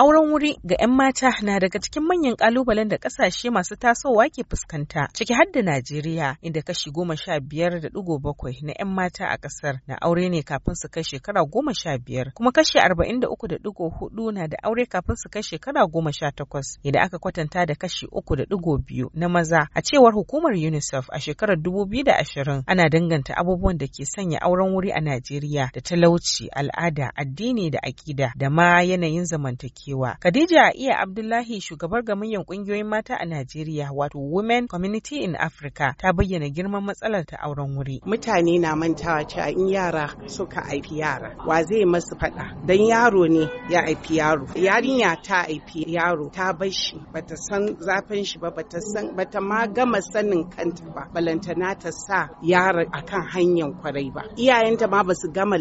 Auren wuri ga 'yan mata na daga cikin manyan kalubalen da kasashe masu tasowa ke fuskanta, ciki har da Najeriya inda kashi goma sha biyar da digo bakwai na 'yan mata a kasar na aure ne kafin su kai shekara goma sha biyar, kuma kashi arba'in da uku da digo hudu na da aure kafin su kai shekara goma sha takwas idan aka kwatanta da kashi uku da digo biyu na maza a cewar hukumar UNICEF a shekarar dubu biyu da ashirin ana danganta abubuwan da ke sanya auren wuri a Najeriya da talauci, al'ada, addini da aƙida da ma yanayin zamantakewa. cewa Khadija Iya Abdullahi shugabar gamayyar kungiyoyin mata a Najeriya wato Women Community in Africa ta bayyana girman matsalar ta auren wuri. Mutane na mantawa cewa in yara suka haifi yara wa zai masu faɗa dan yaro ne ya haifi yaro. Yarinya ta haifi yaro ta bar shi bata san zafin shi ba bata san bata ma gama sanin kanta ba balantana ta sa yara akan hanyar kwarai ba. Iyayenta ma basu gama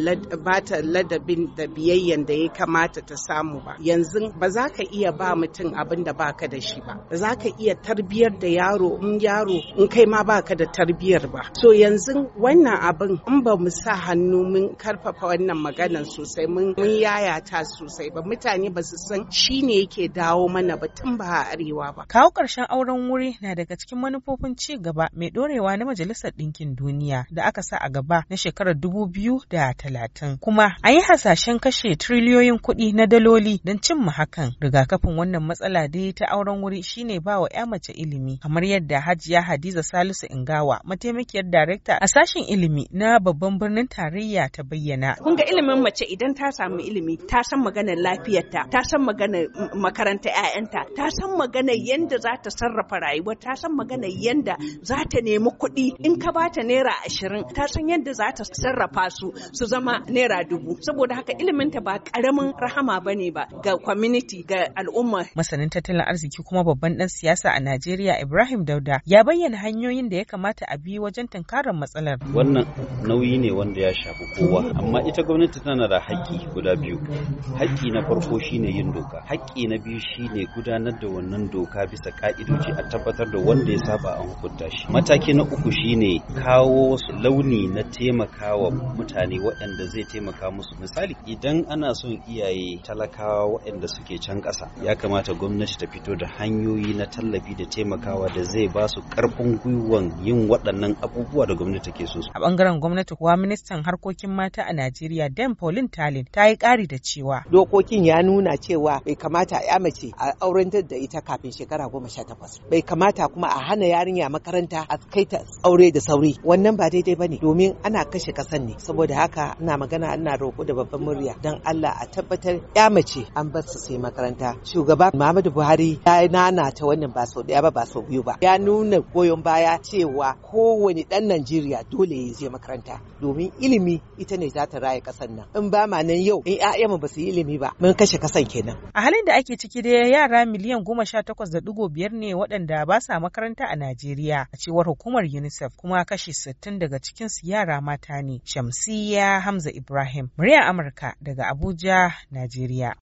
bata ladabin da biyayyan da ya kamata ta samu ba. Yanzu yanzu ba za ka iya ba mutum abin da baka da shi ba za ka iya tarbiyar da yaro in yaro in kai ma baka da tarbiyar ba so yanzu wannan abin in ba mu sa hannu mun karfafa wannan maganar sosai mun yayata sosai ba mutane ba su san shi ne yake dawo mana ba tun ba a arewa ba kawo karshen auren wuri na daga cikin manufofin ci gaba mai dorewa na majalisar ɗinkin duniya da aka sa a gaba na shekarar dubu biyu da talatin kuma an yi hasashen kashe tiriliyoyin kuɗi na daloli don cin cimma hakan rigakafin wannan matsala dai ta auren wuri shine ba wa 'ya mace ilimi kamar yadda hajiya hadiza salisu ingawa mataimakiyar darekta a sashen ilimi na babban birnin tarayya ta bayyana kun ga ilimin mace idan ta samu ilimi ta san maganar lafiyarta ta san maganar makaranta 'ya'yanta ta san maganar yadda za ta sarrafa rayuwa ta san maganar yadda za ta nemi kuɗi in ka ba ta naira ashirin ta san yadda za ta sarrafa su su zama naira dubu saboda haka iliminta ba ƙaramin rahama bane ba community ga al'umma. Masanin tattalin arziki kuma babban ɗan siyasa a Najeriya Ibrahim Dauda ya bayyana hanyoyin da ya kamata a bi wajen tunkarar matsalar. Wannan nauyi ne wanda ya shafi kowa amma ita gwamnati tana da haƙƙi guda biyu. Haƙƙi na farko shine yin doka, haƙƙi na biyu shine gudanar da wannan doka bisa ka'idoji a tabbatar da wanda ya saba an hukunta shi. Mataki na uku shine kawo wasu. launi na taimakawa mutane waɗanda zai taimaka musu misali idan ana son iyaye talakawa waɗanda waɗanda suke can ƙasa ya kamata gwamnati ta fito da hanyoyi na tallafi da taimakawa da zai ba su ƙarfin gwiwan yin waɗannan abubuwa da gwamnati ke so a bangaren gwamnati kuwa ministan harkokin mata a najeriya dan paulin talin ta yi ƙari da cewa dokokin ya nuna cewa bai kamata ya mace a auren da ita kafin shekara goma sha takwas bai kamata kuma a hana yarinya makaranta a kai ta aure da sauri wannan ba daidai ba ne domin ana kashe kasan ne saboda haka ana magana ina roƙo da babban murya don allah a tabbatar ya mace an bar su sai makaranta shugaba muhammadu buhari ya nana ta wannan ba sau daya ba ba sau biyu ba ya nuna goyon baya cewa kowane dan najeriya dole ya je makaranta domin ilimi ita ne za ta raya kasar nan in ba ma nan yau in ƴaƴanmu ba su yi ilimi ba mun kashe kasar kenan a halin da ake ciki dai yara miliyan goma sha takwas da digo biyar ne waɗanda ba sa makaranta a najeriya a cewar hukumar unicef kuma kashi sittin daga cikinsu yara mata ne shamsiya hamza ibrahim muryar amurka daga abuja najeriya